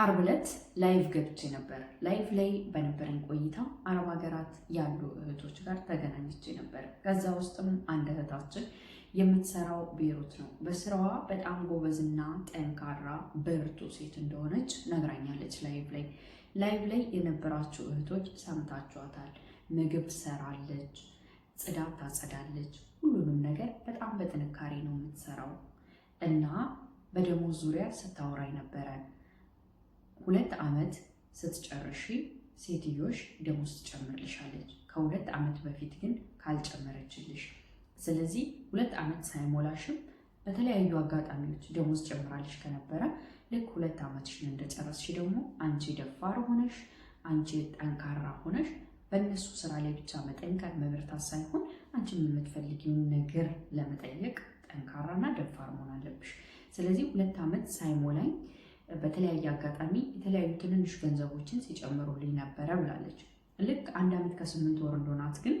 አርብ ዕለት ላይቭ ገብቼ ነበር። ላይቭ ላይ በነበረኝ ቆይታ አረብ ሀገራት ያሉ እህቶች ጋር ተገናኝቼ ነበር። ከዛ ውስጥም አንድ እህታችን የምትሰራው ቤይሩት ነው። በስራዋ በጣም ጎበዝና ጠንካራ ብርቱ ሴት እንደሆነች ነግራኛለች። ላይቭ ላይ ላይቭ ላይ የነበራችሁ እህቶች ሰምታችኋታል። ምግብ ትሰራለች፣ ጽዳት ታጸዳለች። ሁሉንም ነገር በጣም በጥንካሬ ነው የምትሰራው እና በደሞዝ ዙሪያ ስታወራ ነበረ ሁለት ዓመት ስትጨርሺ ሴትዮሽ ደሞዝ ትጨምርልሻለች። ከሁለት ዓመት በፊት ግን ካልጨመረችልሽ፣ ስለዚህ ሁለት ዓመት ሳይሞላሽም በተለያዩ አጋጣሚዎች ደሞዝ ጨምራልሽ ከነበረ ልክ ሁለት ዓመትሽን እንደጨረስሽ ደግሞ አንቺ ደፋር ሆነሽ አንቺ ጠንካራ ሆነሽ በእነሱ ስራ ላይ ብቻ መጠንቀር መበርታት ሳይሆን አንቺን የምትፈልጊውን ነገር ለመጠየቅ ጠንካራና ደፋር መሆን አለብሽ። ስለዚህ ሁለት ዓመት ሳይሞላኝ በተለያየ አጋጣሚ የተለያዩ ትንንሽ ገንዘቦችን ሲጨምሩልኝ ነበረ ብላለች። ልክ አንድ ዓመት ከስምንት ወር እንደሆናት ግን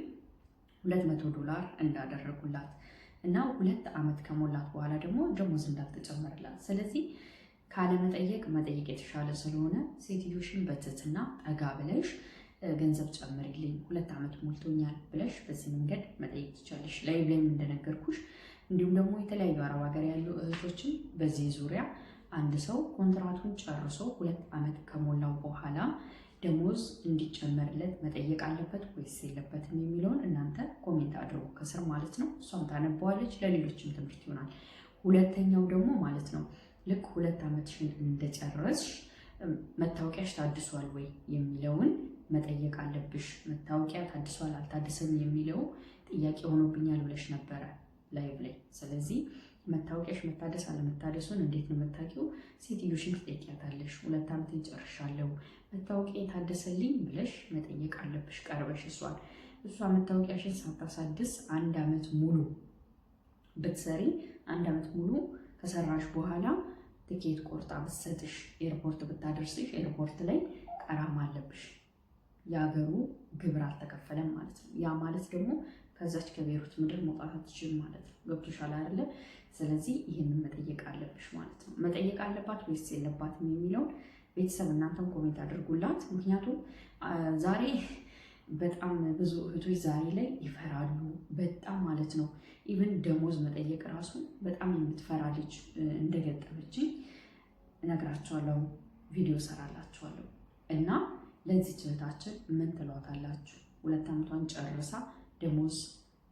ሁለት መቶ ዶላር እንዳደረጉላት እና ሁለት ዓመት ከሞላት በኋላ ደግሞ ደሞዝ እንዳልተጨመረላት ስለዚህ ካለመጠየቅ መጠየቅ የተሻለ ስለሆነ ሴትዮሽን በትትና ጠጋ ብለሽ ገንዘብ ጨምሪልኝ ሁለት ዓመት ሞልቶኛል ብለሽ በዚህ መንገድ መጠየቅ ትቻለሽ። ላይ ላይም እንደነገርኩሽ እንዲሁም ደግሞ የተለያዩ አረብ ሀገር ያሉ እህቶችን በዚህ ዙሪያ አንድ ሰው ኮንትራቱን ጨርሶ ሁለት ዓመት ከሞላው በኋላ ደሞዝ እንዲጨመርለት መጠየቅ አለበት ወይስ የለበትም የሚለውን እናንተ ኮሜንት አድርጉ ከስር ማለት ነው። እሷም ታነበዋለች ለሌሎችም ትምህርት ይሆናል። ሁለተኛው ደግሞ ማለት ነው ልክ ሁለት ዓመትሽን እንደጨረስሽ መታወቂያሽ ታድሷል ወይ የሚለውን መጠየቅ አለብሽ። መታወቂያ ታድሷል አልታደሰም የሚለው ጥያቄ ሆኖብኛል ብለሽ ነበረ ላይቭ ላይ ስለዚህ መታወቂያሽ መታደስ አለመታደሱን እንዴት ነው የምታውቂው? ሴትዮሽን ትጠይቂያታለሽ። ሁለት ዓመትን ይጨርሻለሁ መታወቂያ የታደሰልኝ ብለሽ መጠየቅ አለብሽ ቀርበሽ እሷን። እሷ መታወቂያሽን ሳታሳድስ አንድ ዓመት ሙሉ ብትሰሪ አንድ ዓመት ሙሉ ከሰራሽ በኋላ ትኬት ቆርጣ ብትሰጥሽ፣ ኤርፖርት ብታደርስሽ፣ ኤርፖርት ላይ ቀራማ አለብሽ። የሀገሩ ግብር አልተከፈለም ማለት ነው። ያ ማለት ደግሞ ከዛች ከቤሩት ምድር መውጣት አትችልም ማለት ነው። ገብቶሻል አይደለ? ስለዚህ ይህንን መጠየቅ አለብሽ ማለት ነው። መጠየቅ አለባት ወይስ የለባትም የሚለውን ቤተሰብ እናንተም ኮሜንት አድርጉላት። ምክንያቱም ዛሬ በጣም ብዙ እህቶች ዛሬ ላይ ይፈራሉ በጣም ማለት ነው። ኢቨን ደሞዝ መጠየቅ ራሱ በጣም የምትፈራ ልጅ እንደገጠመችኝ እነግራቸዋለሁ፣ ቪዲዮ ሰራላቸዋለሁ እና ለዚች እህታችን ምን ትሏታላችሁ? ሁለት ዓመቷን ጨርሳ ደሞዝ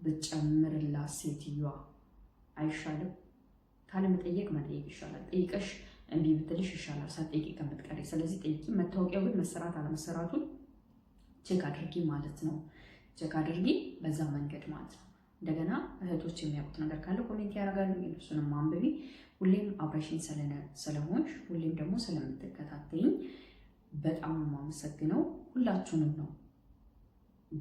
ብጨምርላት ሴትዮዋ አይሻልም? ካለ መጠየቅ መጠየቅ ይሻላል። ጠይቀሽ እንዲህ ብትልሽ ይሻላል ሳትጠይቂ ከምትቀሪ። ስለዚህ ጠይቂ። መታወቂያው ግን መሰራት አለመሰራቱን ቼክ አድርጊ ማለት ነው። ቼክ አድርጊ በዛ መንገድ ማለት ነው። እንደገና እህቶች የሚያውቁት ነገር ካለ ኮሜንት ያደርጋሉ። እሱንም አንብቢ። ሁሌም አብረሽኝ ስለሆንሽ፣ ሁሌም ደግሞ ስለምትከታተይኝ በጣም የማመሰግነው ሁላችሁንም ነው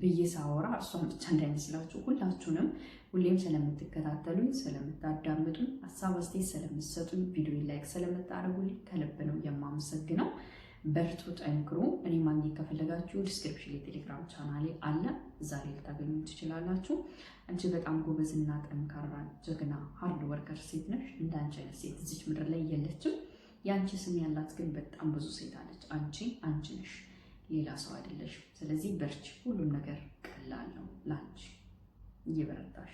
ብዬ ሳወራ እሷን ብቻ እንዳይመስላችሁ ሁላችሁንም ሁሌም ስለምትከታተሉኝ፣ ስለምታዳምጡኝ፣ ሀሳብ አስተያየት ስለምትሰጡኝ፣ ቪዲዮ ላይክ ስለምታደርጉልኝ ከልብ ነው የማመሰግነው። በርቶ ጠንክሮ እኔ ማግኘት ከፈለጋችሁ ዲስክሪፕሽን ቴሌግራም ቻናሌ አለ፣ እዛ ላይ ልታገኙ ትችላላችሁ። አንቺ በጣም ጎበዝና ጠንካራ ጀግና ሀርድ ወርከር ሴት ነሽ። እንዳንቺ አይነት ሴት እዚች ምድር ላይ የለችም። ያንቺ ስም ያላት ግን በጣም ብዙ ሴት አለች። አንቺ አንቺ ነሽ፣ ሌላ ሰው አይደለሽ። ስለዚህ በርች ሁሉም ነገር ቀላል ነው ላንቺ። እየበረታሽ